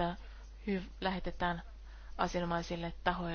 että lähetetään asianomaisille tahoille.